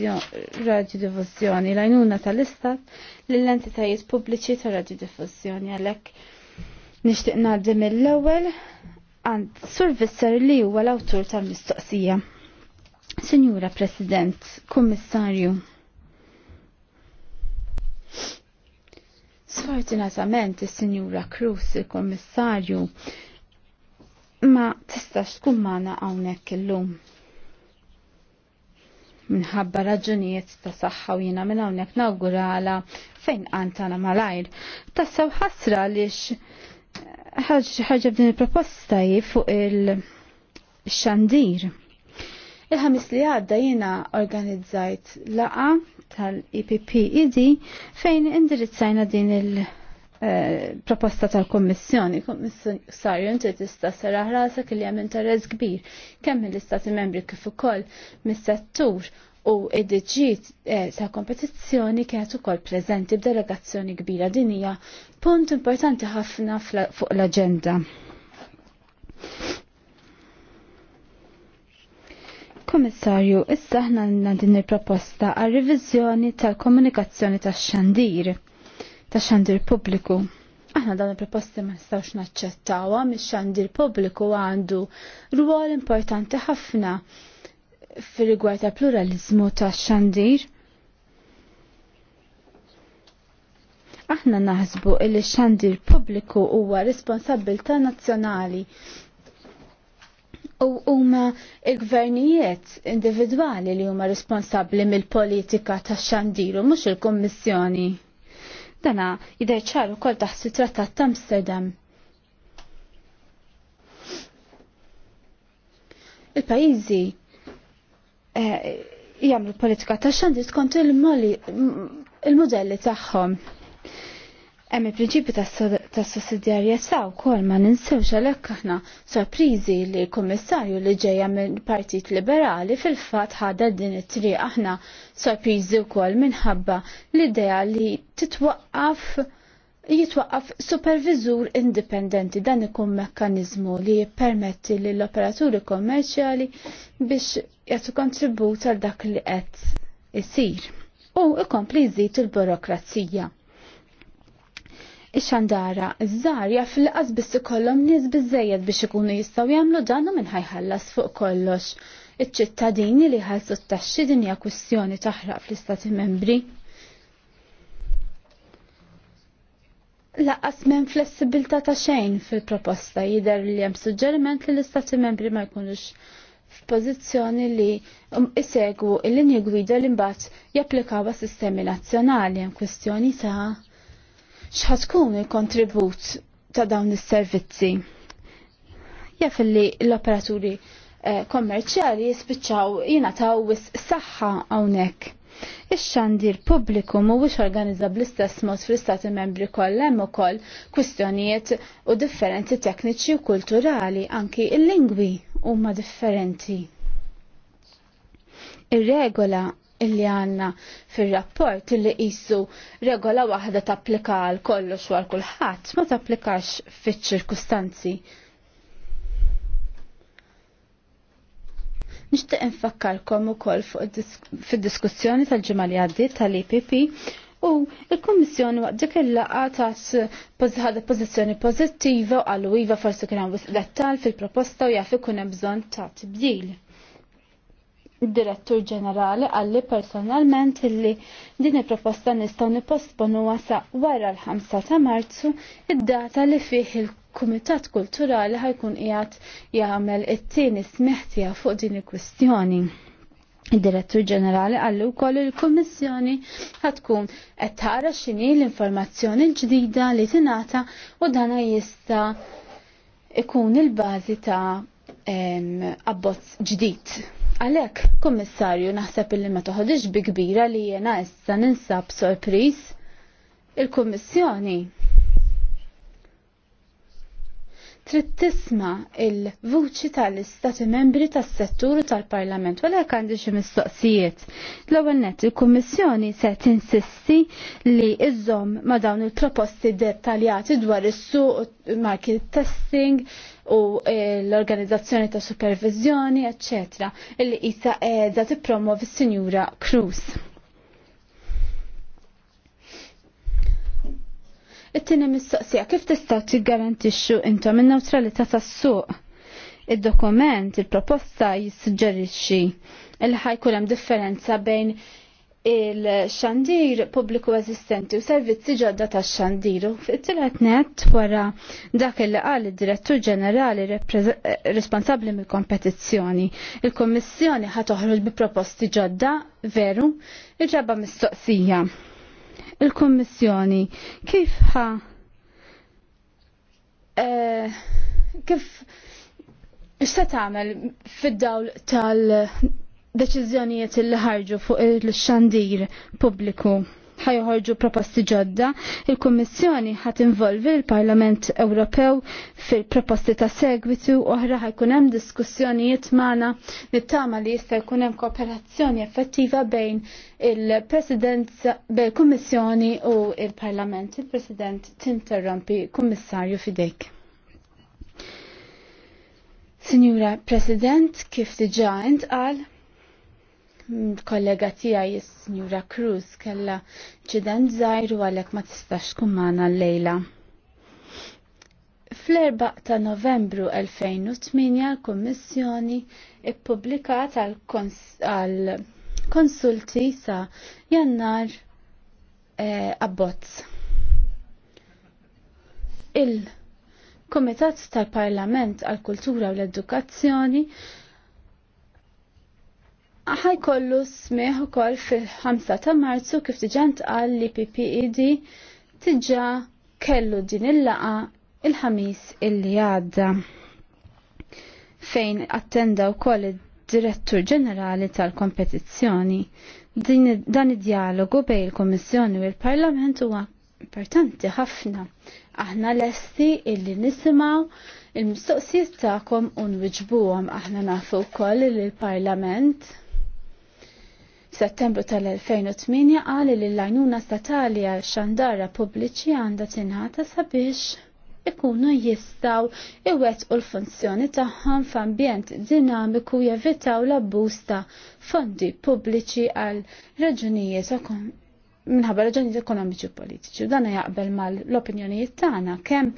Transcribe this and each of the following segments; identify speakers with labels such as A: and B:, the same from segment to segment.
A: radiodifuzzjoni l-għajnuna tal-istat l-entitajiet pubbliċi ta' radiodifuzzjoni għalek nishtiq ngħaddi mill-ewel għand survisser li huwa l-awtur tal-mistoqsija. Sinjura President, Kummissarju. Sfortunatament is-Sinjura Cruz, il-Kummissarju, ma tistax tkun magħna hawnhekk illum minħabba raġunijiet ta' saħħa u jina minn hawnhekk nawgurala fejn għantana malajr. saw ħasra li eh, ħaġa b'din il-proposta fuq il-xandir. Il-ħamis li għadda jina organizzajt laqa tal-IPPED fejn indirizzajna din il- Eh, proposta tal-Kommissjoni. Kommissarju inti tista' serraħ rasek li hemm interess kbir kemm mill-Istati Membri kif ukoll mis-settur u id-ġit eh, ta' kompetizzjoni kienet ukoll preżenti b'delegazzjoni kbira din hija punt importanti ħafna fuq l-aġenda. Komissarju, issa ħna din il-proposta għal riviżjoni tal-komunikazzjoni tax-xandir ta' xandir pubbliku. Aħna dan il-proposti ma nistawx naċċettawa, mis xandir pubbliku għandu rwol importanti ħafna fil rigward ta' pluralizmu ta' xandir. Aħna naħsbu il xandir pubbliku huwa responsabilta' nazzjonali u huma il-gvernijiet individwali li huma responsabbli mill-politika tax xandiru mhux il-Kummissjoni. Dana jidher ċar ukoll taħt it-Trattat ta' Amsterdam. Il-pajjiżi eh, jagħmlu politika ta' xandis kontu il-modelli tagħhom. Hemm il-prinċipju tas u wkoll ma ninsewx għalhekk aħna sorpriżi li l-Kummissarju li ġejja mill-Partit Liberali fil-fatt ħadha din it-triq aħna sorpriżi wkoll minħabba l-idea li titwaqqaf jitwaqqaf supervizur indipendenti dan ikun mekkaniżmu li jippermetti lill operaturi kommerċjali biex jagħtu kontribut għal dak li qed isir. U ikompli jżid il-burokrazija ix-xandara żgħar jaf li qas biss ikollhom nies biżejjed biex ikunu jistgħu jagħmlu dan u minn ħajħallas fuq kollox. Iċ-ċittadini li ħallsu t-taxxi din hija kwistjoni taħraq fl-Istati Membri. Laqas minn flessibilta' ta' xejn fil-proposta jidher li hemm suġġeriment li l-istati membri ma jkunux f'pożizzjoni li um, isegwu il linji gwida li mbagħad japplikaw sistemi nazzjonali hemm kwestjoni ta' xħatkun il-kontribut ta' dawn is-servizzi. Jaff li l-operaturi eh, kommerċjali jispiċċaw jingħataw wis saħħa hawnhekk. Ix-xandir pubbliku mhuwiex organizza bl-istess mod fl-istati membri kollha hemm ukoll kwistjonijiet u differenti tekniċi u kulturali anki il-lingwi huma differenti. Ir-regola illi għanna fil-rapport illi jissu regola waħda tapplika għal kollox u għal kulħadd ma tapplikax fiċ-ċirkustanzi. Nixtieq infakkarkom ukoll fuq fid-diskussjoni tal-ġimgħa li għaddiet tal-IPP u il-Kommissjoni waqt dik il-laqa tat ħadha pożizzjoni pożittiva u għal iva forsi kien hawn dettal fil-proposta u jaf ikun hemm bżonn ta' tibdil direttur ġenerali għalli personalment illi din il-proposta nistaw nipostponu wasa wara l-5 ta' marzu id-data li fih il-Kumitat Kulturali ħajkun qiegħed jagħmel it-tieni smeħtija fuq din il-kwistjoni. il direttur Ġenerali għalli wkoll il-Kummissjoni ħatkun qed tara x'inhi l-informazzjoni l-ġdida li tingħata u dana jista' ikun il-bażi ta' abbozz ġdid Għalek, kommissarju, naħseb illi ma toħodix bi kbira li jena issa ninsab sorpris il-kommissjoni. Trid tisma il-vuċi tal-istati membri tas-settur tal-Parlament, wala għandi xi mistoqsijiet. L-ewwel nett il-Kummissjoni se tinsisti li iżomm ma dawn il-proposti dettaljati dwar is-suq market testing, u eh, l-organizzazzjoni ta' supervizjoni, eccetera, illi jisa edha tippromovi s-Sinjura Cruz. It-tieni mistoqsija kif tistgħu tiggarantixxu intom in-newtralità tas-suq? Id-dokument, il-proposta jissuġġerixxi il ħajkulem hemm differenza bejn il-xandir pubbliku eżistenti u servizzi ġodda ta' xandiru. Fit-tilet net wara dak il qal id-direttur ġenerali responsabli mill kompetizzjoni Il-Kommissjoni ħat toħroġ bi proposti ġodda, veru, il-ġabba mistoqsija. Il-Kommissjoni kif ħa eh, kif x'se tagħmel fid-dawl tal deċiżjonijiet li ħarġu fuq il-xandir pubbliku ħajħorġu proposti ġodda, il-Kommissjoni ħat involvi l-Parlament Ewropew fil-proposti ta' segwitu oħra ħajkun hemm diskussjonijiet magħna nittama li jista' jkun hemm kooperazzjoni effettiva bejn il-Presidenza bejn kummissjoni u il-Parlament. Il-President tinterrompi Kummissarju fidejk. Signora President, kif diġa intqal, kollega tiegħi is-Sinjura Cruz kellha ċident żgħir u għalhekk ma tistax tkun l llejla. fl erba ta' Novembru 2008 l-Kummissjoni ippubblikat għal konsulti sa' jannar eh, abbozz. Il-Komitat tal-Parlament għal-Kultura u l-Edukazzjoni kollu smieħ ukoll fil-5 ta' Marzu kif diġà ntqal li PPED tiġà kellu din il-laqa il-ħamis illi għadda fejn attenda wkoll id-Direttur Ġenerali tal-Kompetizzjoni. Dan id-dialogu bejn il-Kummissjoni u l-Parlament huwa importanti ħafna. Aħna lesti illi nisimgħu il-mistoqsijiet tagħkom u nwiġbuhom aħna nafu wkoll li l-Parlament settembru tal-2008 għali li l-lajnuna statali għal xandara pubbliċi għandha tinħata sabiex ikunu jistaw iwettqu l-funzjoni tagħhom f'ambjent dinamiku jevitaw l busta ta' fondi pubbliċi għal raġunijiet minħabba raġunijiet ekonomiċi u politiċi. U dan jaqbel mal-opinjonijiet tagħna kemm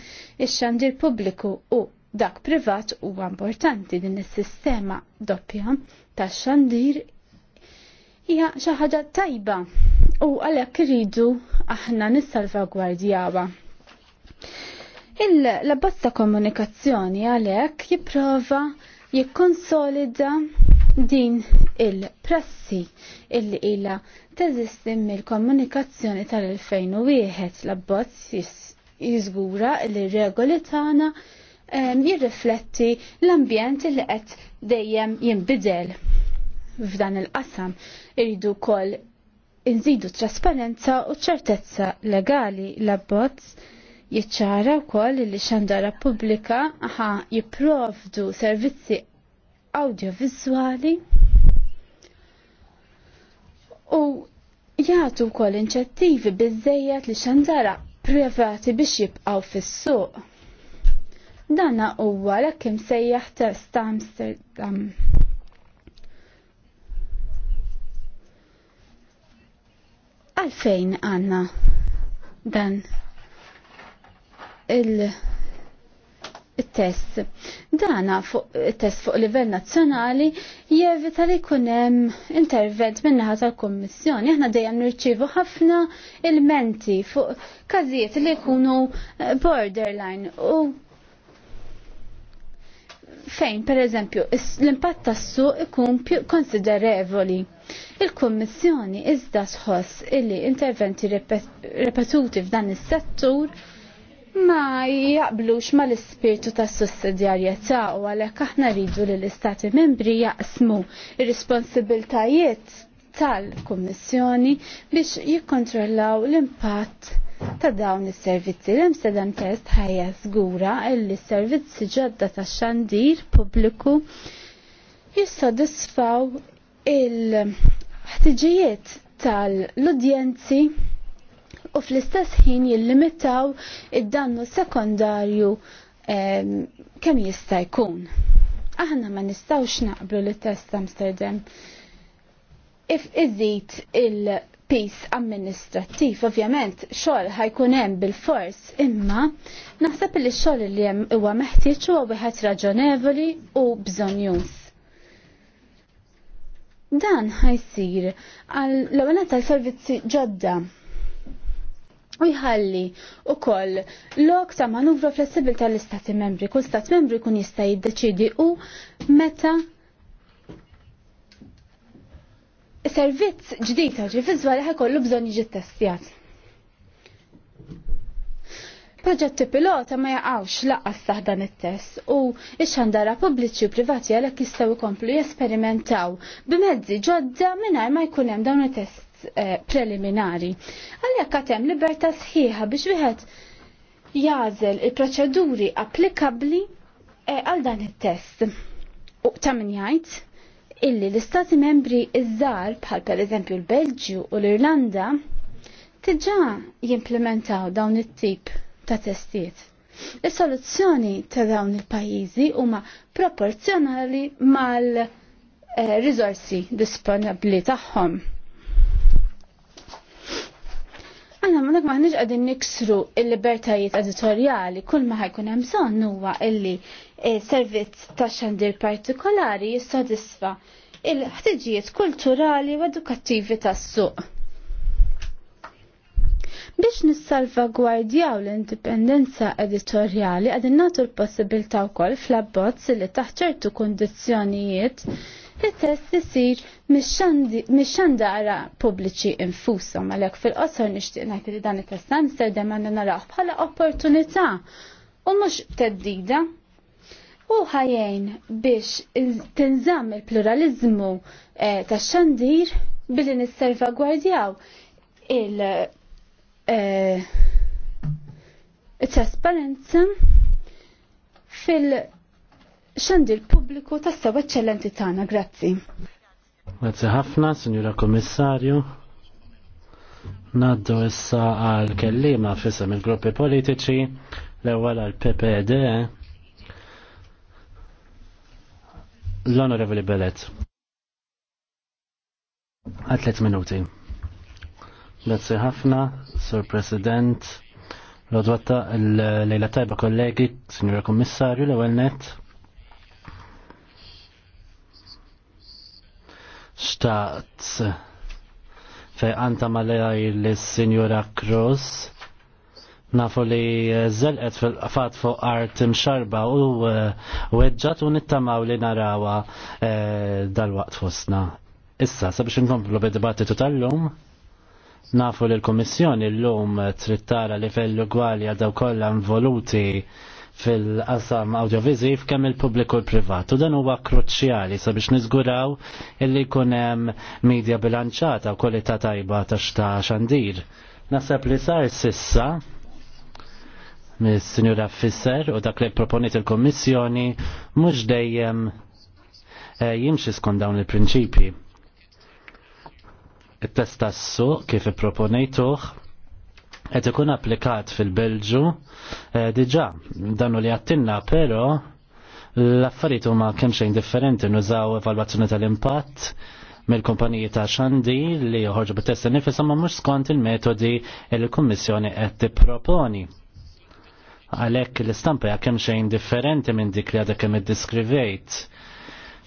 A: ix-xandir pubbliku u dak privat huwa importanti din is-sistema doppja tax-xandir hija xi ħaġa tajba u għalhekk irridu aħna nissalvagwardjawha. Il-labbozza komunikazzjoni għalhekk jipprova jikkonsolida din il-prassi illi ila teżisti mill-komunikazzjoni tal-2001 l-abbozz jizgura li regoli tagħna ehm, jirrifletti l-ambjent li qed dejjem jinbidel f'dan il-qasam iridu wkoll inżidu trasparenza u ċertezza legali l-abbozz jiċċara wkoll li xandara pubblika ħa jipprovdu servizzi audiovizuali u jagħtu wkoll inċettivi biżejjed li xandara privati biex jibqaw fis-suq. Danna huwa l-ekkim sejjaħ ta' Amsterdam. Għalfejn għanna dan il- il-test. Dana fuq il-test fuq livell nazzjonali jevita li kunem intervent minnaħat tal-Kommissjoni. Aħna dejjem nirċivu ħafna il-menti fuq każijiet li jkunu eh, borderline u fejn per eżempju l-impatt tas-suq ikun konsiderevoli. Il-Kummissjoni iżda sħoss illi interventi repetuti f'dan is-settur ma jaqblux ma l-ispirtu ta' sussidjarjetà u għalhekk aħna rridu li l-Istati membri jaqsmu ir-responsibiltajiet tal-Kummissjoni biex jikkontrollaw l-impatt ta' dawn is-servizzi. L-Amsterdam Test ħajja żgura li s-servizzi ġodda ta' xandir pubbliku jissodisfaw il-ħtiġijiet tal-udjenzi u fl-istess ħin jillimitaw id-dannu sekondarju kemm jista' jkun. Aħna ma nistgħux naqblu li test Amsterdam if iżid il-pis amministrattiv, ovvjament xogħol ħajkun hemm bil-fors, imma naħseb li x-xogħol li hemm huwa meħtieġ huwa wieħed raġonevoli u bżonjus. Dan ħajsir għal l tal-servizzi ġodda u jħalli u koll lok ta' manuvru flessibil tal-istati membri. Kull stat membri kun jista' jiddeċidi u meta servizz ġdid ġi fiżwali ħekollu bżonn jiġi testijat. Proġetti pilota ma jaqgħux laqqas saħdan it-test u ix-xandara pubbliċi u privati għalhekk jistgħu jkomplu jesperimentaw b'mezzi ġodda mingħajr ma jkun hemm dawn it-test eh, preliminari. Għalhekk hemm libertà sħiħa biex wieħed jażel il-proċeduri applikabbli eh, għal dan it-test. U ta' min jgħid illi l-istati membri iż-żar bħal per eżempju l-Belġju u l-Irlanda tiġa jimplementaw dawn it-tip ta' testijiet. Is-soluzzjoni ta' dawn il-pajjiżi huma proporzjonali mal-riżorsi eh, disponibbli tagħhom. Għana minnak maħniġ għadin niksru il-libertajiet editorjali, kull ma ħajkun hemm bżonn huwa illi servizz ta' xandir partikolari jissodisfa il-ħtiġijiet kulturali u edukattivi tas-suq. Biex nissalvagwardjaw l-indipendenza editorjali għadin natu l-possibilta wkoll fl-abbozz li taħt ċertu kondizzjonijiet it-test isir mix-xandara pubbliċi infushom għalhekk fil-qosor nixtieq ngħid li dan it-test Amsterdam għandna naraw bħala opportunità u mhux teddida. U ħajjejn biex tinżamm il-pluralizmu eh, tax-xandir billi nisservagwardjaw il- eh, trasparenza fil- xandi l-pubbliku tassew eċċellenti tagħna, grazzi.
B: Grazzi ħafna, Signora Kommissarju. Naddu issa għal kellima fissa il-gruppi politiċi l-ewwel għal PPD l-Onorevoli Bellet. Għal tliet minuti. Grazzi ħafna, Sur President, l l-lejla tajba kollegi, Signora Kommissarju, l-ewwel net xtaqt fej għanta malaj l-Sinjura Cruz nafu li zelqet fil fat fuq art mxarba u eh, weġġat u nittamaw li narawa eh, dal-waqt fosna. Issa, sabiex nkomplu bid-dibattitu tal-lum, nafu li l-Komissjoni l-lum trittara li fellu gwali għadaw kollha involuti fil-qasam audiovisiv kemm il-pubbliku l-privat. U dan huwa kruċjali sabiex niżguraw illi jkun hemm medja bilanċata u kwalità tajba ta' xta' xandir. Nasab li sar sissa mis-Sinjura Fisser u dak li proponiet il-Kommissjoni mhux dejjem eh, jimxi skont dawn il-prinċipji. It-testa s-suq kif ipproponejtuh qed ikun applikat fil-Belġu eh, diġà danu li għattinna però l-affarijiet huma kemm xejn differenti nużaw evalwazzjoni tal-impatt mill-kumpaniji ta' xandi li joħorġu bit-testa nifisa ma mhux skont il-metodi li l-Kummissjoni qed tipproponi. Għalhekk l-istampa hija kemm xejn differenti minn dik li għadha kemm iddiskrivejt.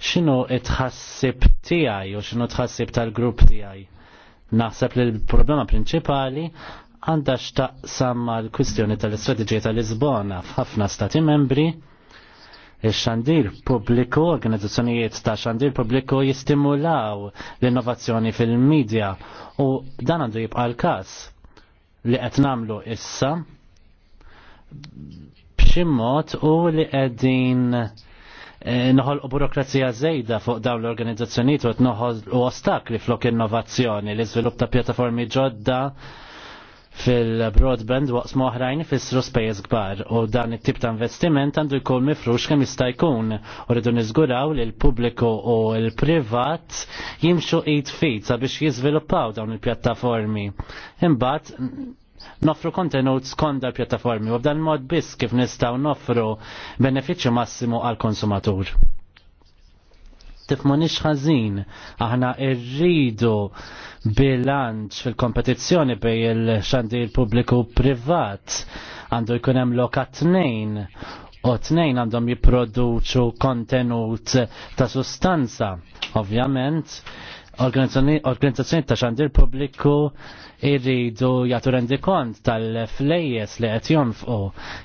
B: X'inhu tħassib tiegħi u x'inhu tħassib tal-grupp tiegħi? Naħseb li l-problema prinċipali għandha x'taqsam għal kwistjoni tal-istrateġija tal-Lisbona f'ħafna stati membri il-xandir pubbliku, organizzazzjonijiet ta' xandir pubbliku jistimulaw l-innovazzjoni fil-medja u dan għandu jibqa l-kas li qed namlu issa b'ximmot u li qegħdin eh, noħol u burokrazija zejda fuq dawn l-organizzazzjonijiet u qed noħol u ostakli flok innovazzjoni, l-iżvilupp ta' pjattaformi ġodda fil-broadband waqt moħrajn fissru spejjeż kbar u dan it-tip ta' investiment għandu jkun mifrux kemm jista' jkun u rridu niżguraw li l-pubbliku u l-privat jimxu id fit sabiex jiżviluppaw dawn il-pjattaformi. Imbagħad noffru kontenut skont dal-pjattaformi u b'dan mod biss kif nistgħu noffru benefiċċju massimu għall-konsumatur tifmonix ħażin. Aħna irridu bilanċ fil-kompetizzjoni bej il-xandir pubbliku privat għandu jkun hemm loka tnejn u tnejn għandhom jipproduċu kontenut ta' sustanza. Ovvjament, organizzazzjoni ta' xandir pubbliku irridu jagħtu rendi kont tal-flejjes li qed jonfqu.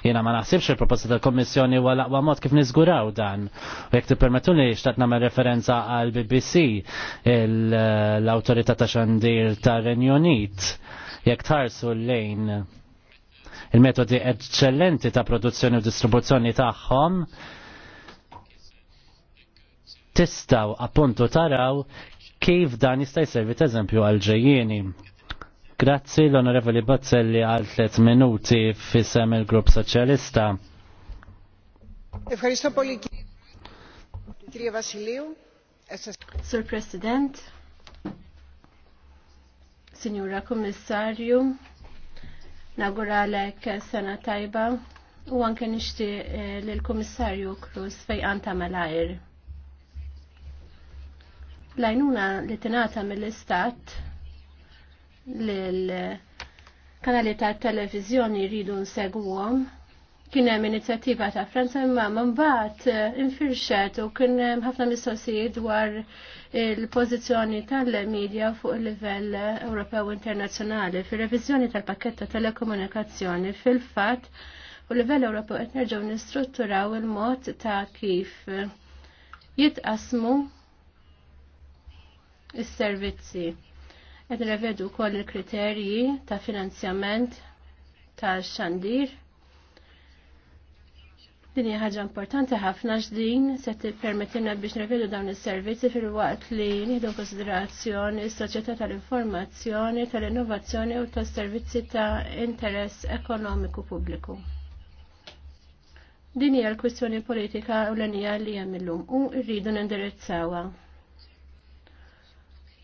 B: Jiena ma naħsibx il-proposta tal-Kommissjoni huwa l-aqwa mod kif niżguraw dan. U jekk li xtaqt nagħmel referenza għal BBC l-Awtorità ta' Xandir tar-Renju Unit jekk tħarsu l-lejn il-metodi eccellenti ta' produzzjoni u distribuzzjoni tagħhom tistaw appuntu taraw kif dan jista' jservi ta' eżempju għal ġejjieni. Grazzi l-Onorevoli Bozzelli għal 3 minuti fissem il-Grupp Soċjalista.
C: Sir President, Signora Kommissarju, naguralek sena tajba u anke nixti eh, l-Kommissarju Cruz fej għanta malajr. Lajnuna li tinata mill-Istat l-kanali ta' televizjoni jridu nsegwhom. Kien hemm inizjattiva ta' Franza imma mbagħad eh, infirxet u kien hemm ħafna mistoqsijiet dwar il-pożizzjoni tal-medja fuq il-livell Ewropew internazzjonali fir-reviżjoni tal-pakket ta' telekomunikazzjoni fil-fatt u livell Ewropew qed nerġgħu nistrutturaw il-mod ta' kif jitqasmu is-servizzi. Qed revedu wkoll il-kriterji ta' finanzjament tal-xandir. Din hija ħaġa importanti ħafna x'din se tippermettilna biex nirvedu dawn is-servizzi fil-waqt li nieħdu konsiderazzjoni s-soċjetà tal-informazzjoni, tal-innovazzjoni u tas-servizzi ta' interess ekonomiku pubbliku. Din hija l-kwistjoni politika u l-enija li hemm illum u rridu nindirizzawha.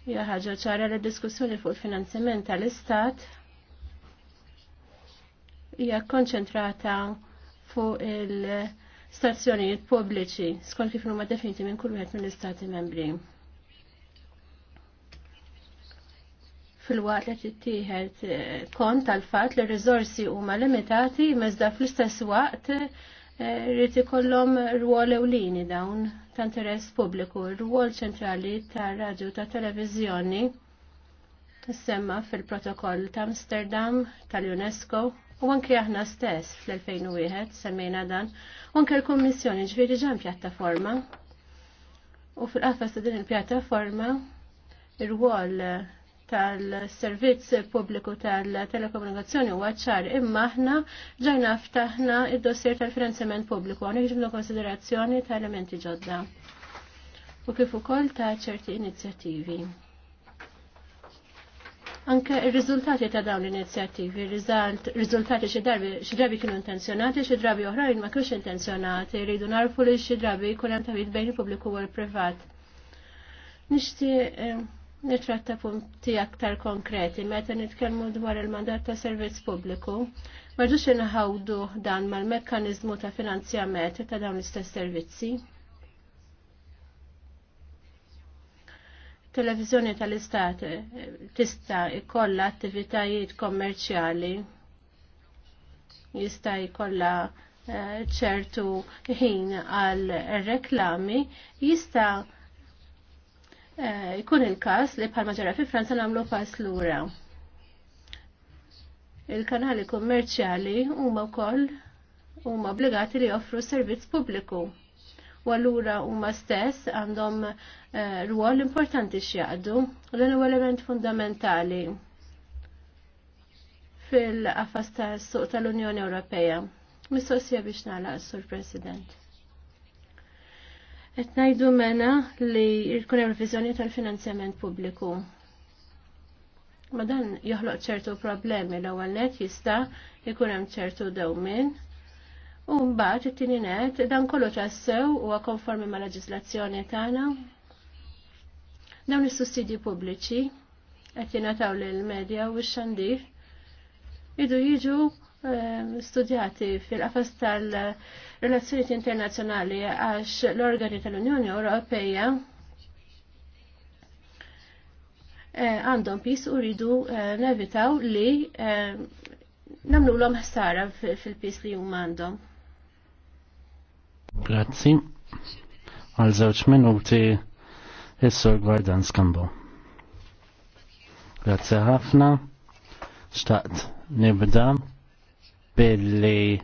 C: Ja ħaġa ċara li diskussjoni fuq il-finanziament tal-Istat hija konċentrata fuq il-stazzjonijiet pubbliċi skont kif huma definiti minn kull wieħed mill-Istati membri. fil-waqt li tittieħed eh, kont tal-fatt li r-riżorsi huma limitati mezda fl-istess waqt eh, rrid ikollhom rwol ewlieni dawn ta' interess pubbliku, r-rwol ċentrali ta' radju ta' televizjoni semma fil-protokoll ta' Amsterdam tal-UNESCO u anke aħna stess fl-2001 semmejna dan u anke l-Kummissjoni ġifieri ġan pjattaforma u fil-qafas ta' din il-pjattaforma ir-rwol il tal-servizz pubbliku tal-telekomunikazzjoni u għacċar imma ħna ġajna ftaħna id-dossier tal finanzjament pubbliku għan iġbnu konsiderazzjoni tal elementi ġodda u kif ukoll ta' ċerti inizjattivi. Anke il riżultati ta' dawn l-inizjattivi, riżultati xi drabi kienu intenzjonati, xi drabi oħrajn ma kienux intenzjonati, rridu narfu li xi drabi jkun hemm tawid bejn il-pubbliku u l-privat. Nixtieq eh, nitratta punti aktar konkreti, meta nitkellmu dwar il-mandat ta' servizz pubbliku, marġux inħawdu dan mal-mekkanizmu ta' finanzjament ta' dawn l-istess servizzi. Televizjoni tal-Istat eh, tista' ikolla attivitajiet kommerċjali, jista' jkollha eh, ċertu ħin għal reklami, jista' Eh, jkun il-kas li bħalma ġara fi Franza namlu pass lura. Il-kanali kummerċjali huma wkoll huma obbligati li joffru servizz pubbliku. U allura huma stess għandhom eh, rwol importanti x'jaqdu u dan huwa element fundamentali fil affas tas-suq tal-Unjoni Ewropea. Mistoqsija biex nagħlaq, Sur President. Qed ngħidu mena li jkun hemm reviżjoni tal-finanzjament pubbliku. Ma dan joħloq ċertu problemi l-ewwel net jista' jkun hemm ċertu dewmien. U mbagħad it-tieni net dan kollu tassew huwa konformi ma' leġiżlazzjoni tagħna. Dawn is-sussidji pubbliċi qed jingħataw lill-medja u x-xandir idu jiġu Ehm, studjati fil-qafas tal-relazzjoniet internazzjonali għax l-organi tal-Unjoni Ewropeja eh, għandhom pis u rridu eh, nevitaw li eh, namlu l-om ħsara fil-pis li jum għandhom.
B: Grazzi. Għal zewċ minuti il Gwardan Skambo. Grazzi ħafna. Stat nibda billi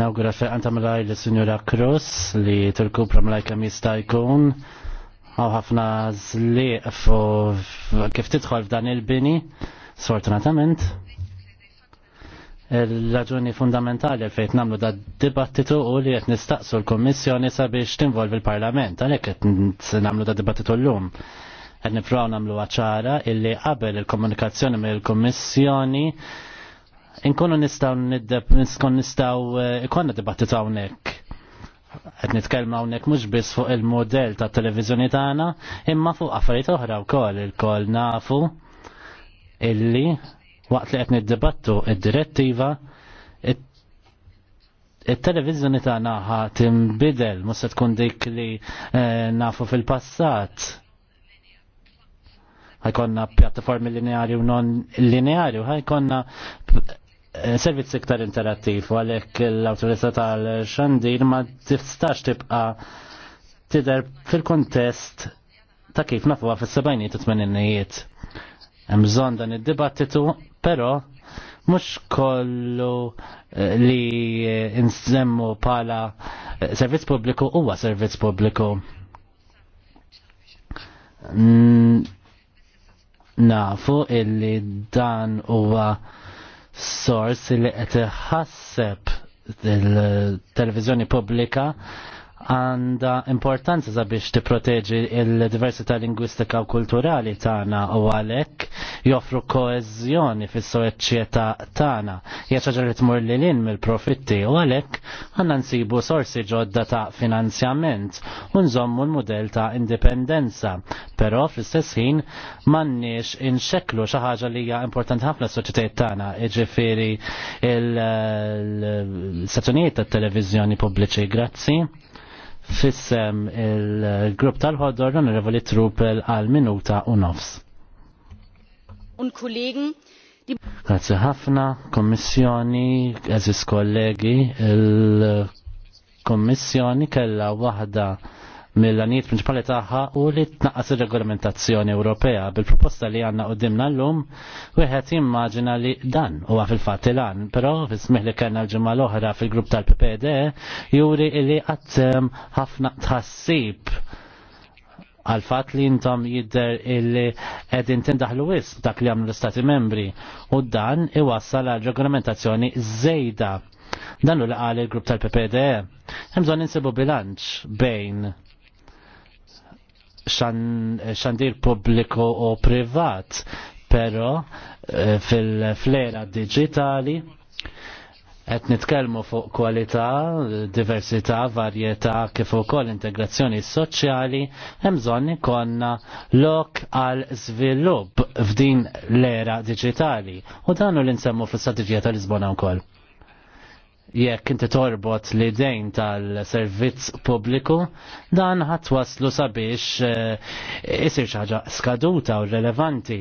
B: nawgura fejqan tamlaj li Sinjura Cruz li turku kupra mlajka jista' jkun għaw ħafna zli fu kif tidħol f'dan il-bini sfortunatament il-raġuni fundamentali fejt namlu da dibattitu u li jett nistaqsu l-Kommissjoni sabiex tinvolvi l-Parlament, għalek jett namlu da dibattitu l-lum. Għed nifraw namlu għacħara illi qabel il-komunikazzjoni mill kummissjoni il kommissjoni Inkunu nistaw niskon nistaw eh, ikonna dibattit hawnhekk. Qed nitkelma hawnhekk mhux biss fuq il-modell ta' televiżjoni tagħna, imma fuq affarijiet oħra wkoll il-koll nafu illi waqt li qed niddibattu id-direttiva it-televiżjoni tagħna ħa tinbidel mhux se tkun dik li eh, nafu fil-passat Għajkonna pjattaformi lineari u non lineari u Eh, servizz iktar interattiv u għalhekk l-awtorità tal-xandir ma tistax tibqa tidher fil-kontest ta' kif nafuha fis-sebgħinijiet u tmeninijiet. Hemm bżonn dan id-dibattitu, però mux kollu eh, li eh, nsemmu pala servizz pubbliku huwa servizz pubbliku. Nafu illi dan huwa source li qed iħasseb il-televizjoni pubblika għanda importanza sabiex tipproteġi il-diversità lingwistika u kulturali tagħna u għalhekk joffru koeżjoni fis-soċjetà tagħna. Hija ħaġa li tmur lil in mill-profitti u għalhekk għandna nsibu sorsi ġodda ta' finanzjament u nżommu l-mudell ta' indipendenza. Però fl-istess ħin m'għandniex inxeklu xi ħaġa li hija importanti ħafna s-soċjetajiet tagħna, jiġifieri il-sezzjonijiet tat-televiżjoni pubbliċi. Grazzi fissem il-grupp tal-ħodor l-onorevoli Trupel għal minuta u nofs.
A: Un kollegen,
B: Grazie ħafna, kommissjoni, eżis kollegi, il-kommissjoni kella wahda mill-għaniet principali tagħha u li tnaqqas ir-regolamentazzjoni Ewropea bil-proposta li għandna lum llum wieħed jimmaġina li dan huwa fil fat il-għan, però fis-smih li kellna l-ġimgħa l-oħra fil-grupp tal-PPD juri li għattem ħafna tħassib għal fatt li jintom jidder illi edin tindaħlu wisq dak li għamlu l-Stati membri u dan iwassal għal regolamentazzjoni żejda. Dan u li għal il-grupp tal-PPD. jemżon insibu bilanċ bejn xandir pubbliku u privat, pero eh, fil-flera digitali qed nitkellmu fuq kwalità, diversità, varjetà kif ukoll integrazzjoni soċjali hemm bżonn ikollna lok għal żvilupp f'din l-era diġitali u dan hu l-insemmu fl-istrateġija tal-Lisbona wkoll jekk inti torbot li dejn tal-servizz pubbliku, dan ħadd waslu sabiex eh, isir xi ħaġa skaduta u rilevanti.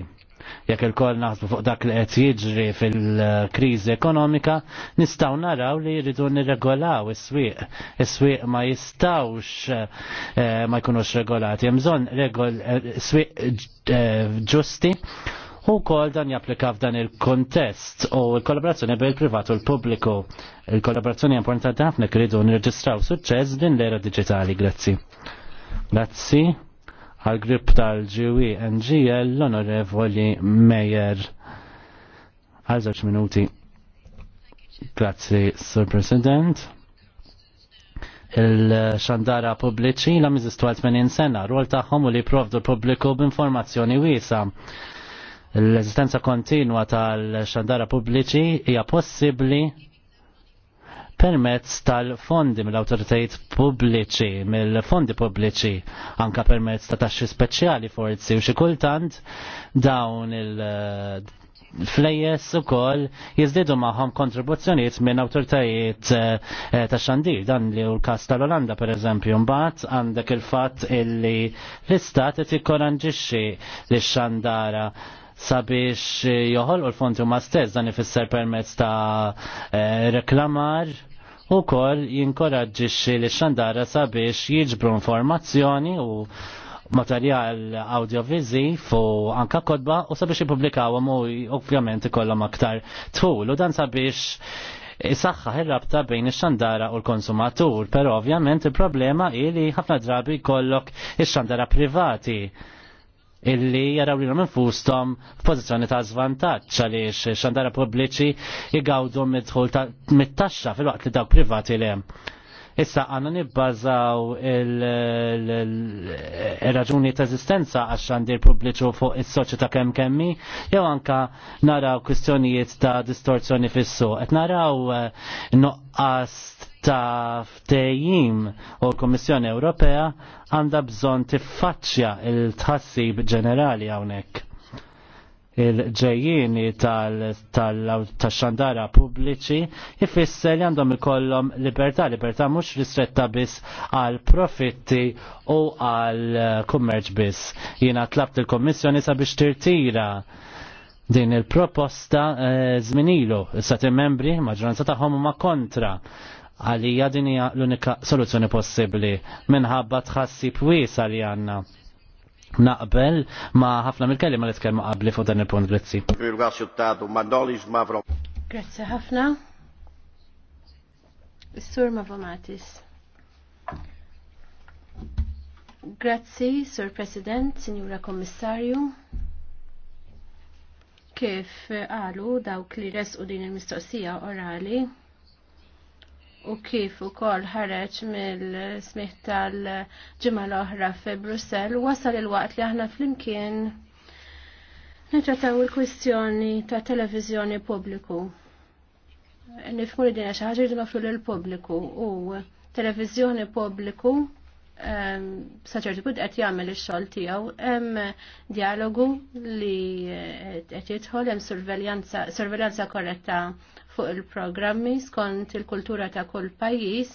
B: Jekk il-koll naħsbu fuq dak li qed jiġri fil-kriżi ekonomika, nistgħu naraw li jridu nirregolaw is-swieq. Is-swieq ma jistgħux eh, ma jkunux regolati. Hemm bżonn regol eh, swieq ġusti U kol dan japplika f'dan il-kontest u il-kollaborazzjoni bejn il-privat u l-pubbliku. Il-kollaborazzjoni importanti ħafna kridu nirreġistraw suċċess din l-era digitali, grazzi. Grazzi għal grip tal-ġiwi e NGL l-onorevoli Meyer għal żewġ minuti. Grazzi, Sir President. Il-xandara pubbliċi la għal 80 sena, rol taħħom u li provdu l-pubbliku b'informazzjoni wiesa' l-eżistenza kontinwa tal-xandara pubbliċi hija possibbli permezz tal-fondi mill-autoritajiet pubbliċi, mill-fondi pubbliċi, anka permezz ta' taxxi speċjali forzi u xi kultant dawn il- flejjes u kol jizdidu maħom kontribuzzjoniet minn autoritajiet eh, ta' xandir, dan li u l-kas tal-Olanda per eżempju, mbaħt għandek il-fat illi l-istat ti koranġiċi li xandara sabiex eh, joħol u l-fonti huma stess dan ifisser permezz ta' eh, reklamar u kol jinkoraġġixxi li xandara sabiex jiġbru informazzjoni u materjal audiovizi u anka kodba u sabiex jipublikaw u ovvjament ikollhom aktar tful u dan sabiex Isaxħa il-rabta bejn ix-xandara u l-konsumatur, però ovvjament il-problema hi li ħafna drabi jkollok ix-xandara privati illi jaraw li minn fustom f'pożizzjoni ta' zvantaġġ għaliex xandara pubbliċi jgawdu midħul mit-taxxa fil-waqt li daw privati li hemm. Issa għanna nibbażaw il-raġuni ta' eżistenza għax xandir pubbliċu fuq is-soċjetà kemm kemmi, jew anka naraw kwistjonijiet ta' distorzjoni fis-suq. naraw eh, nuqqas ta' ftejjim u l-Kommissjoni Ewropea għandha bżonn tiffaċċja il-tħassib ġenerali hawnhekk. Il-ġejjini tal-xandara pubbliċi jifisser li għandhom ikollhom libertà, libertà mhux ristretta biss għal profitti u għal eh, kummerċ biss. Jiena tlabt il-Kommissjoni sabiex tirtira din il-proposta eh, zminilu, s-sati membri, maġranza taħħom ma kontra Għalija din hija l-unika soluzzjoni possibbli minħabba tħassib wiesa li għandna. Naqbel ma ħafna mill-kelli ma li tkellma qabli fuq dan il-punt Grazzi.
C: Grazzi ħafna. Sur sur Mavomatis. Grazzi, Sur President, Signora Kommissarju. Kif għalu dawk li resqu din il-mistoqsija orali, u kif ukoll ħareġ mill smiħ tal-ġimgħa l-oħra fi Brussell wasal il-waqt li aħna flimkien nitrataw il-kwistjoni ta' televiżjoni pubbliku. Nifmu li dina xi ħaġa li nofru lill-pubbliku u televizjoni pubbliku ehm, sa kud għet qed jagħmel ix-xogħol tiegħu hemm dialogu li qed jidħol hemm sorveljanza korretta fuq il-programmi skont il-kultura ta' kull pajjiż.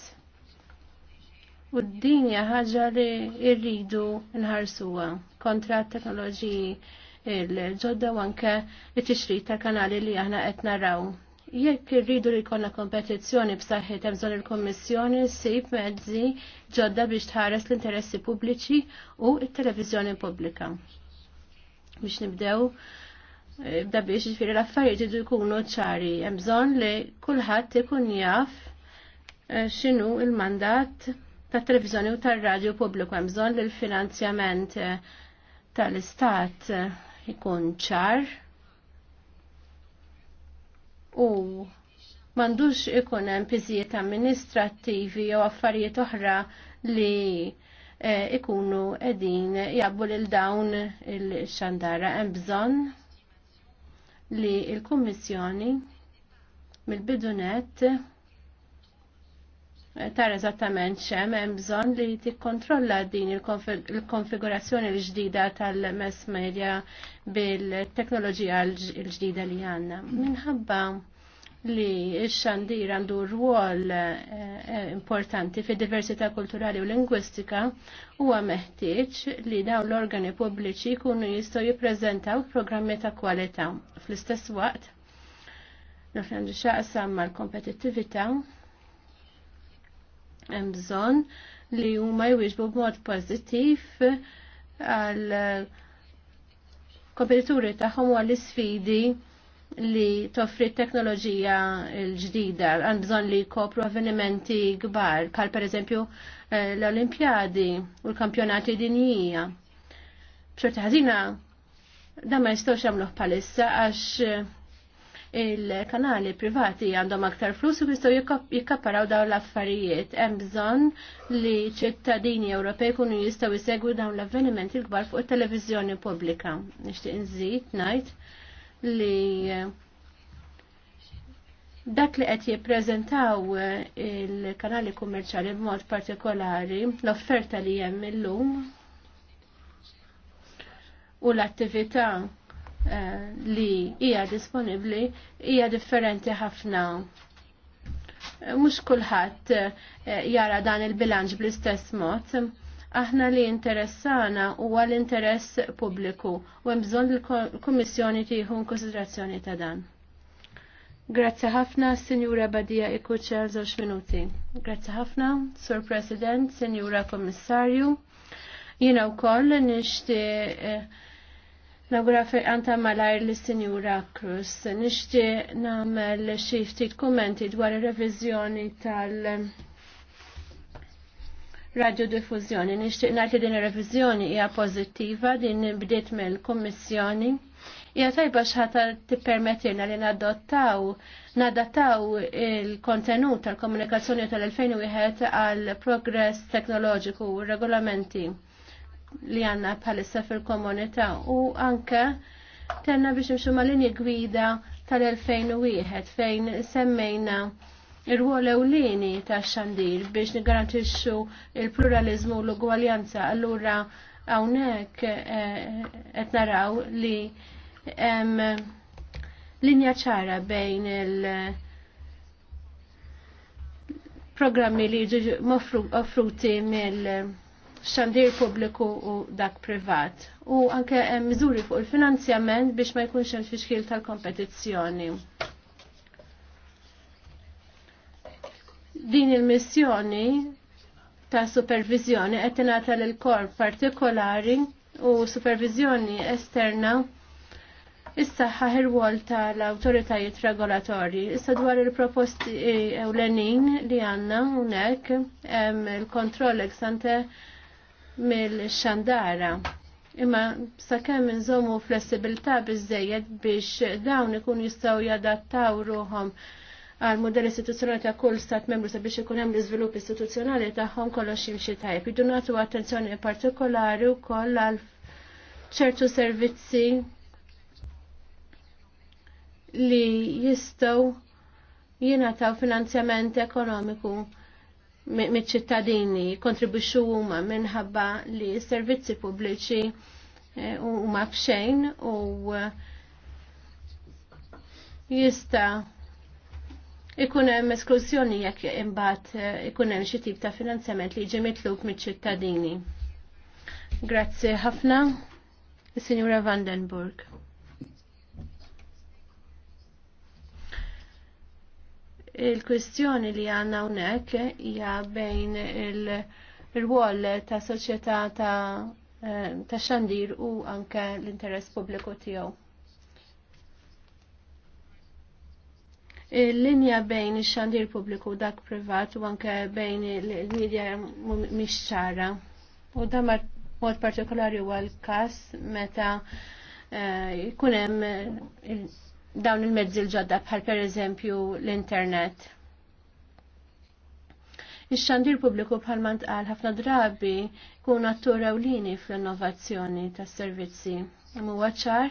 C: U d-din ħaġa li rridu nħarsuha kontra t-teknoloġiji il-ġodda u anke it-tixrid tal-kanali li aħna qed naraw. Jekk irridu li jkollna kompetizzjoni b'saħħet hemm bżonn il-Kummissjoni ssib mezzi ġodda biex tħares l-interessi pubbliċi u t-televiżjoni pubblika. Biex nibdew Bda biex ġifiri l-affarijiet idu jkunu ċari. Hemm bżonn li kulħadd ikun jaf eh, x'inhu il-mandat tat televizjoni u tar-radju pubbliku. Hemm bżonn li l-finanzjament eh, tal-istat eh, ikun ċar u mandux ikun hemm piżijiet amministrattivi jew affarijiet oħra li ikunu qegħdin jabbu lil dawn il-xandara hemm bżonn li il-Kummissjoni mill-bidunet eh, tar eżattament xem hemm bżonn li tikkontrolla din il-konfigurazzjoni l-ġdida tal-mess media bil-teknoloġija l-ġdida li għandna. Minħabba li x-xandir għandu rwol eh, eh, importanti fi diversità kulturali u lingwistika huwa meħtieġ li dawn l-organi pubbliċi jkunu jistgħu jippreżentaw programmi ta' kwalità. Fl-istess waqt, nofrendu xaqsam mal-kompetittività hemm bżonn li huma jwieġbu b'mod pożittiv għal kompetituri tagħhom u għall-isfidi li toffri teknoloġija l-ġdida, għan bżon li kopru avvenimenti gbar, pal per eżempju eh, l-Olimpiadi u l-kampjonati dinjija. Bċorta ħazina, da ma jistawx għamluħ palissa għax eh, il-kanali privati għandhom aktar flus u jistgħu jikkapparaw dawn l-affarijiet. Hemm bżonn li ċittadini Ewropej kunu jistgħu jsegwu dawn l-avvenimenti l-kbar fuq it-televiżjoni pubblika. Nixtieq nżid ngħid li dak li qed jippreżentaw il-kanali kummerċjali b'mod partikolari l-offerta li hemm illum u l-attività eh, li hija disponibbli hija differenti ħafna. Eh, mhux kulħadd eh, jara dan il-bilanċ bl-istess mod aħna li interessana huwa l-interess pubbliku u hemm bżonn il-Kummissjoni tieħu konsiderazzjoni ta' dan. Grazzi ħafna, Sinjura Badija Ikuċa, żewġ minuti. Grazzi ħafna, Sur President, Komissarju. Kommissarju. Jiena wkoll nishti eh, Nawgura għanta malajr li Sinjura Cruz. Nishti nagħmel xi ftit kummenti dwar ir-reviżjoni tal- radiodiffużjoni. Nixtieq ngħid li din ir-reviżjoni hija pożittiva din bdiet mill-Kummissjoni. Hija tajba x'ħata tippermettilna li nadottaw nadattaw il-kontenut tal-komunikazzjoni tal-2001 għal progress teknoloġiku u regolamenti li għanna bħalissa fil-komunità u anke tenna biex imxu mal-linji gwida tal-2001 fejn semmejna ir-ruol ewlieni tax xandir biex nigarantixxu il-pluralizmu u l-ugwaljanza. Allura hawnhekk eh, qed naraw li hemm linja ċara bejn il- programmi li jiġu offruti mill xandir pubbliku u dak privat. U anke miżuri fuq il-finanzjament biex ma jkunx hemm tal-kompetizzjoni. Din il-missjoni ta' supervizjoni qed tingħata lil korp partikolari u supervizjoni esterna is-saħħa ħirwol tal-awtoritajiet regolatorji. Issa dwar il-proposti ewlenin li għandna hawnhekk hemm il-kontroll eksante mill-xandara. Imma sakemm inżommu flessibilità biżejjed biex dawn ikun jistgħu jadattaw ruhom għal modell istituzzjonali ta' kull stat membru sabiex ikun hemm l-iżvilupp istituzzjonali tagħhom kollox jimxi tajb. Idu nagħtu attenzjoni partikolari wkoll għal ċertu servizzi li jistgħu jingħataw finanzjament ekonomiku mit-ċittadini, jikkontribwixxu huma minħabba li s-servizzi pubbliċi eh, huma f'xejn u eh, jista' ikun hemm esklużjoni jekk imbagħad eh, ikun hemm xi tip ta' finanzjament li jiġi mitlub miċ-ċittadini. Grazzi ħafna, Signora Vandenburg. Il-kwistjoni li għanna unek hija bejn il-rwol ta' soċjetà ta' eh, ta' xandir u anke l-interess pubbliku tiegħu. il-linja bejn ix-xandir pubbliku u dak privat u anke bejn il-medja mhix ċara. U da mod partikolari huwa l-każ meta jkun eh, hemm eh, dawn il-mezzi l-ġodda bħal pereżempju l-internet. Ix-xandir pubbliku bħal mantqal ħafna drabi kun u lini fl-innovazzjoni tas-servizzi. Imma ċar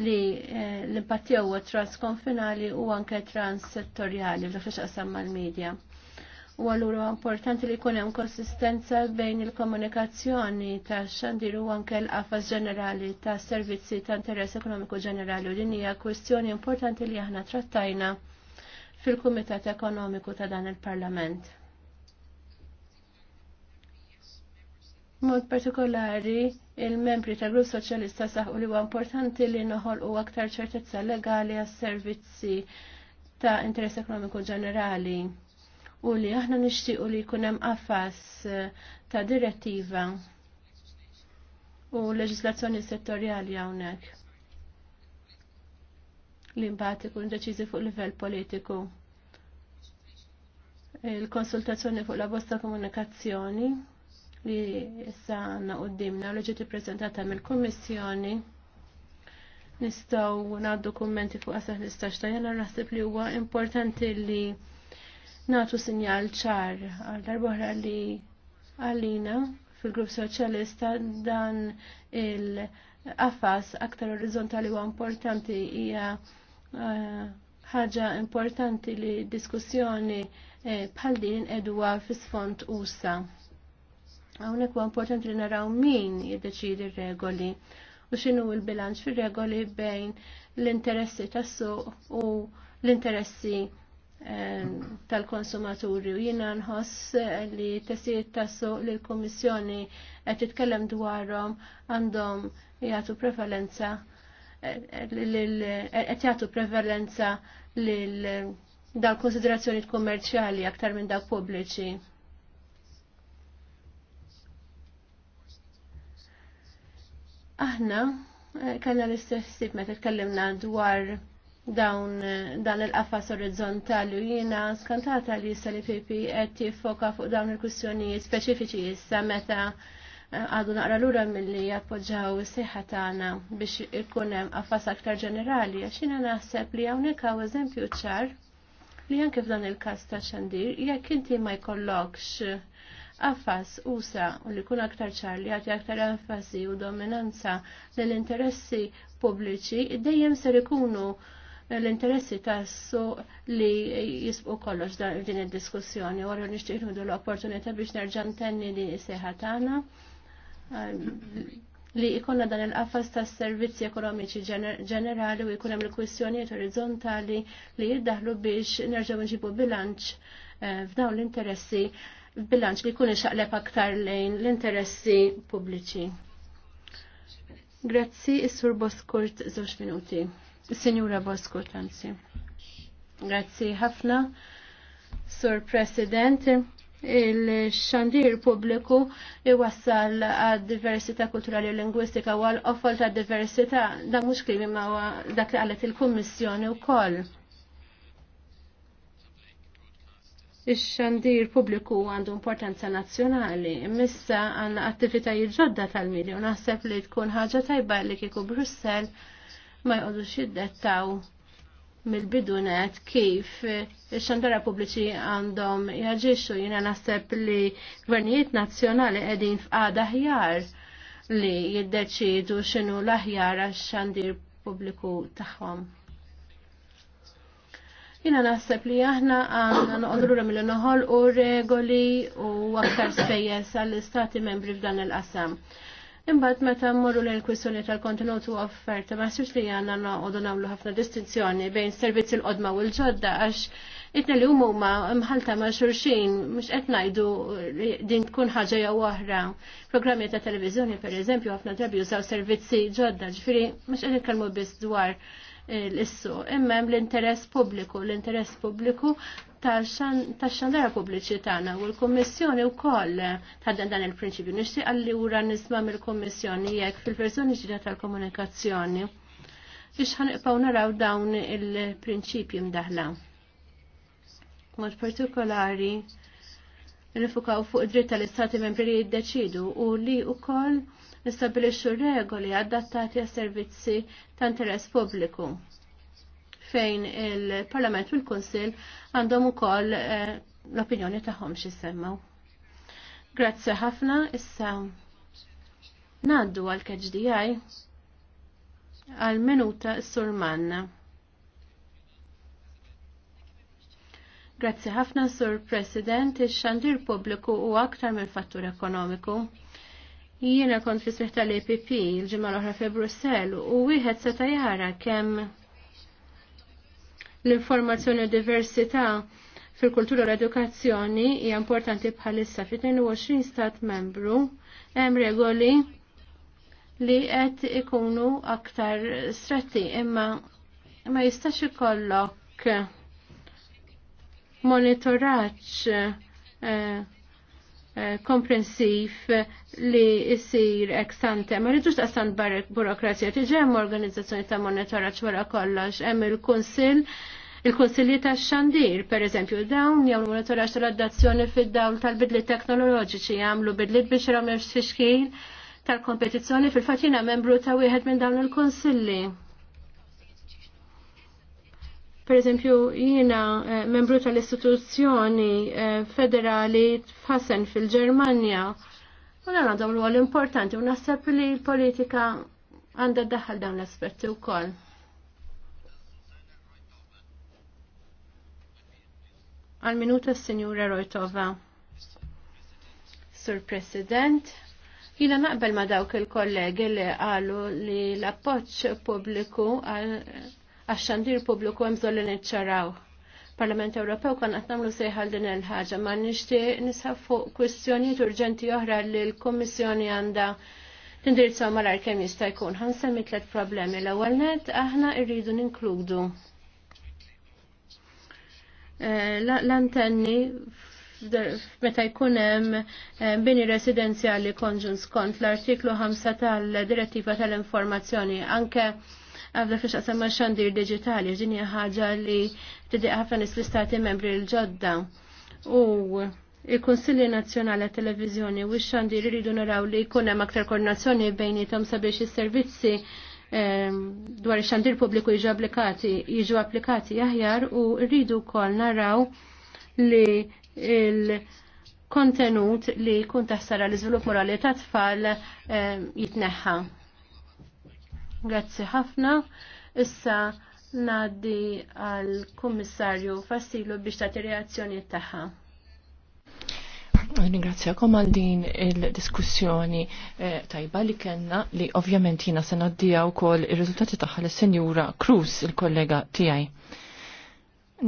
C: li eh, l-impatti huwa transkonfinali u anke transsettorjali f'dak li mal-medja. U għallura importanti li jkun hemm konsistenza bejn il-komunikazzjoni ta' xandir u anke l-qafas ġenerali ta' servizzi ta' interess ekonomiku ġenerali u din hija kwestjoni importanti li aħna trattajna fil-Kumitat Ekonomiku ta' dan il-Parlament. Mod partikolari, il-membri ta' grupp soċjalista saħu li huwa importanti li noħol u aktar ċertezza legali għas servizzi ta' interess ekonomiku ġenerali u li aħna nixtiequ li jkun hemm qafas eh, ta' direttiva u leġislazzjoni settorjali hawnhekk li mbagħad ikun deċiżi fuq livell politiku. Il-konsultazzjoni fuq la bosta komunikazzjoni li issa għanna d-dimna u ġiet ippreżentata mill-Kummissjoni nistgħu ngħaddu dokumenti fuq qasah l-istax ta' jena naħseb li huwa importanti li nagħtu sinjal ċar għal darbohra li għalina fil-Grupp Soċjalista dan il-qafas aktar orizzontali huwa importanti hija eh, ħaġa importanti li diskussjoni eh, bħal din edwa fis-sfond usa. Hawnhekk huwa importanti li naraw min jiddeċidi r-regoli u x'inhu l-bilanċ fir-regoli bejn l-interessi tas-suq u l-interessi ehm, tal-konsumaturi u jiena nħoss eh, li tessijiet tas-suq li l-Kummissjoni qed titkellem dwarhom għandhom jagħtu prevalenza eh, qed jagħtu prevalenza lil dal konsiderazzjoni kummerċjali aktar minn dak pubbliċi. Aħna eh, kanna l-istess meta tkellimna dwar dawn eh, dan il-qafas orizzontali u jiena skantata li issa li pipi qed jiffoka fuq dawn il-kwistjonijiet speċifiċi issa meta eh, għadu naqra lura milli jappoġġaw is siħa tagħna biex ikun hemm qafas aktar ġenerali għax jiena naħseb li hawnhekk hawn eżempju ċar li anke f'dan il-każ ta' xandir jekk inti ma jkollokx affas usa u li kun aktar ċar li għati aktar enfasi u dominanza l-interessi pubbliċi dejjem ser ikunu l-interessi tassu li jisbu kollox din id-diskussjoni u għarru nishtiqnu l-opportunità biex nerġan tenni li seħatana um, li ikonna dan il-qafas ta' servizzi ekonomiċi ġenerali u jkun hemm il-kwistjonijiet orizzontali li jiddaħlu biex nerġgħu nġibu bilanċ eh, f'dawn l-interessi bilanċ li jkun ixaqleb aktar lejn l-interessi pubbliċi. Grazzi, is-Sur Boskurt, żewġ minuti. Signora Boskurt, anzi. Grazzi ħafna, Sur President il-xandir publiku iwassal għad diversità kulturali u lingwistika u għal offol ta' diversità da' mux klimi ma' dak li għalet il-Kommissjoni u koll Ix-xandir pubbliku għandu importanza nazzjonali, missa għanna attivitajiet ġodda tal mili u naħseb li tkun ħaġa tajba li kieku Brussel ma jqodux jiddettaw mill-bidunet kif ix-xandara pubbliċi għandhom jaġixxu jiena naħseb li gvernijiet nazzjonali qegħdin f'qada ħjar li jiddeċidu x'inhu l-aħjar għax-xandir pubbliku tagħhom. Jina naħseb li aħna għanna noqodru mill noħol u regoli u aktar spejjeż għall-istati membri f'dan il-qasam. Imbagħad meta mmorru lejn kwistjoni tal-kontenut u offerta ma sirx li għandna noqogħdu nagħmlu ħafna distinzjoni bejn servizzi l-qodma u l-ġodda għax itna li huma ma mħalta ma xurxin, mux qed ngħidu din tkun ħaġa jew oħra. Programmi ta' televiżjoni pereżempju ħafna drabi jużaw servizzi ġodda, ġifieri mhux qed nitkellmu biss dwar l-issu. Immem l-interess pubbliku, l-interess pubbliku tax-xandara pubbliċi tagħna u l-Kummissjoni wkoll ta' dan il-prinċipju. Nixtieq għalli ura nisma' mill-Kummissjoni jekk fil-verżjoni ġdida tal-komunikazzjoni. Biex ħanqbgħu naraw dawn il prinċipju mdaħla. Mod partikolari nifukaw fuq dritt tal-istati membri li jiddeċidu u li wkoll nistabilixxu regoli adattati għas servizzi ta' interess pubbliku fejn il-Parlament u l-Kunsill għandhom ukoll eh, l-opinjoni tagħhom xi semmew. Grazzi ħafna issa ngħaddu għal KHDI għal minuta s-sur Manna. Grazzi ħafna sur President, ix-xandir pubbliku u aktar mill-fattur ekonomiku. Jiena kont fi smiħta tal-EPP il-ġimgħa l-oħra fi Brussell u wieħed seta' jara kemm l-informazzjoni u diversità fil-kultura u l-edukazzjoni hija importanti bħalissa fi 22 stat membru hemm regoli li qed ikunu aktar stretti imma ma jistax ikollok monitoraġġ eh, Eh, komprensiv eh, li jisir ekstante. Ma rridux taqsan burokrazija, tiġem organizzazzjoni ta' monitoraċ wara kollox, hemm il-Kunsill il kunsilli ta' xandir, per eżempju, dawn jgħamlu monitoraġġ tal-addazzjoni fid-dawl tal-bidli teknoloġiċi, jgħamlu bidlit biex jgħamlu fxixkil tal-kompetizzjoni fil-fatina membru ta' wieħed minn dawn il kunsilli Per eżempju, jiena eh, membru tal-istituzzjoni eh, federali fasen fil-Ġermanja. U nara dawn l-għol importanti u naħseb li l-politika għandha ddaħħal dawn l-aspetti wkoll. Għal minuta s senjura Rojtova. Sur President, Jina naqbel ma dawk il-kollegi li għalu li l-appoċ publiku għal għax-xandir pubbliku hemm bżonn li niċċaraw. Parlament Ewropew kon qed nagħmlu sejħal din il-ħaġa, ma nixtieq nisħab fuq kwistjonijiet urġenti oħra li l-Kummissjoni għandha tindirizzaw mal-ar kemm jista' jkun. Ħansemmi tliet problemi. L-ewwel net aħna rridu ninkludu eh, l-antenni meta jkun hemm eh, bini residenzjali konġun skont l-artiklu 5 tal-Direttiva tal-Informazzjoni anke għabda fiex għasam xandir digitali, ġini ħagġa li tidi ħafna nis l-istati membri l-ġodda. U il-Konsilli Nazzjonali Televizjoni u xandir rridu naraw li jkun hemm aktar koordinazzjoni bejnietom sabiex is-servizzi ehm, dwar ix-xandir pubbliku jiġu applikati, jiġu applikati aħjar u rridu wkoll naraw li il-kontenut li jkun taħsara l izvilup morali ta' tfal ehm, jitneħħa. Grazzi ħafna. Issa naddi għal kummissarju Fassilu biex tagħti reazzjoni tagħha.
D: Ringrazzjakom għal din il-diskussjoni eh, tajba li kellna li ovvjament jina se naddija wkoll ir-riżultati tagħha lis-Senjura Cruz il-kollega tiegħi.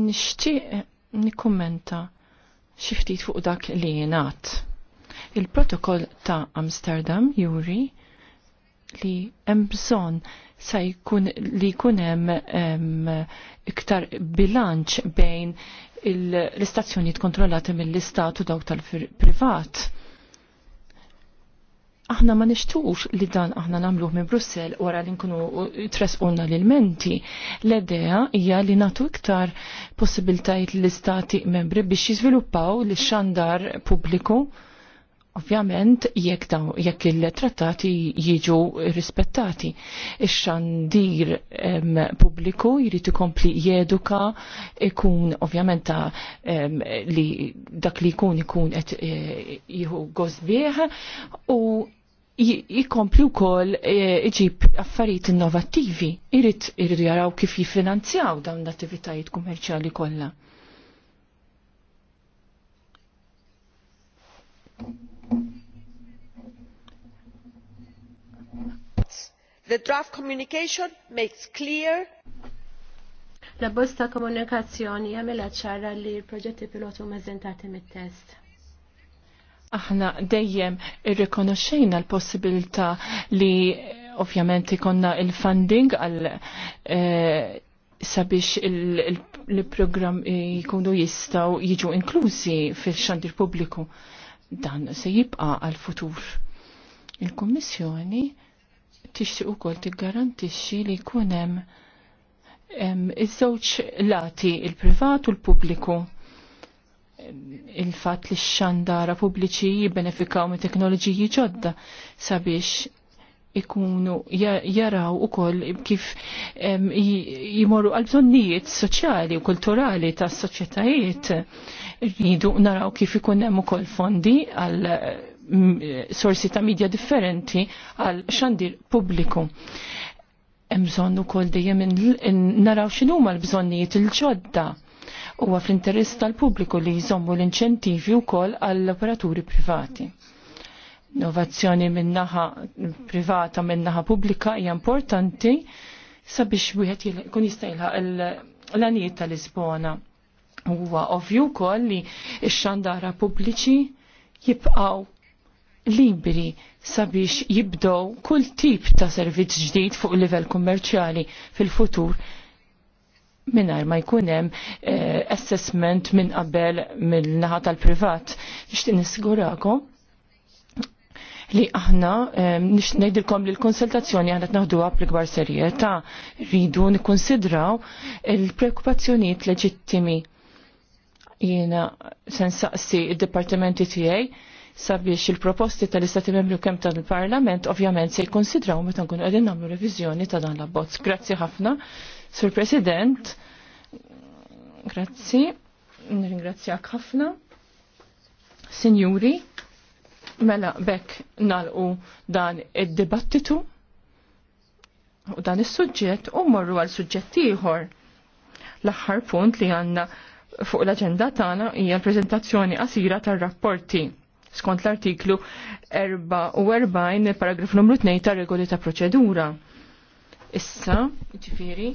D: Nixtieq eh, nikkumenta xi ftit fuq dak li jingħad. Il-protokoll ta' Amsterdam juri li hemm bżonn sa jkun li jkun hemm iktar bilanċ bejn l-istazzjonijiet kontrollati mill-istat u dawk tal-privat. Aħna ma nixtux li dan aħna nagħmluh minn Brussell wara li nkunu tresqulna l-menti. L-idea hija li nagħtu iktar possibiltajiet l-istati membri biex jiżviluppaw l-xandar pubbliku Ovvjament, jekk daw, jekk il-trattati jiġu rispettati, ix-xandir pubbliku jrid ikompli jeduka ikun ovvjament ta' li dak li jkun ikun qed e, jieħu gosbieħ u jikompli wkoll e, iġib affarijiet innovattivi, jrid jaraw kif jiffinanzjaw dawn l-attivitajiet kummerċjali kollha
C: The draft communication makes clear La bosta komunikazzjoni jagħmilha ċara li l-proġetti pilotu meżentati mit-test.
D: Aħna dejjem irrikonoxxejna l-possibilità li ovvjament ikonna il-funding għal eh, sabiex il-program eh, jikunu jistaw jiġu inklużi fil-xandir pubbliku. Dan se jibqa għal-futur. Il-Kommissjoni tixtieq ukoll tiggarantixxi li jkun hemm iż-żewġ lati il-privat u l-pubbliku il-fat li x-xandara pubbliċi jibbenefikaw me teknoloġiji ġodda sabiex ikunu jaraw u koll kif jimorru għal-bżonnijiet soċjali u kulturali ta' soċjetajiet rridu naraw kif ikun hemm ukoll fondi għal sorsi ta' medja differenti għal xandir pubbliku. Hemm bżonn ukoll dejjem naraw x'inhuma l-bżonnijiet il-ġodda huwa fl-interess tal-pubbliku li jżommu l-inċentivi wkoll għall-operaturi privati. Innovazzjoni min-naħa privata min-naħa pubblika hija importanti sabiex wieħed jkun jista' jilħaq l-għanijiet tal-Lisbona. Huwa ovvju wkoll li x-xandara pubbliċi jibqaw libri sabiex jibdow kull tip ta' servizz ġdid fuq livell kummerċjali fil-futur minnar ma jkun hemm eh, assessment minn qabel minn naħa tal-privat. nishtin nissigurakom li aħna eh, nix ngħidilkom li l-konsultazzjoni aħna tnaħduha bl-ikbar serjetà rridu nikkonsidraw il prekupazzjoniet leġittimi jiena sensaqsi id-dipartimenti tiegħi sabiex il-proposti tal-Istati Membri kemm tal-Parlament ovvjament se jkonsidraw meta nkunu qegħdin nagħmlu revizjoni ta' dan l-abbozz. Grazzi ħafna, Sur President. Grazzi, nirringrazzjak ħafna. Sinjuri, mela bekk nalqu dan id-dibattitu u dan is-suġġett u morru għal suġġett ieħor. L-aħħar punt li għandna fuq l-aġenda tagħna hija l-preżentazzjoni qasira tar-rapporti skont l-artiklu 44 paragraf numru 2 ta' regoli ta' proċedura. Issa, ġifiri,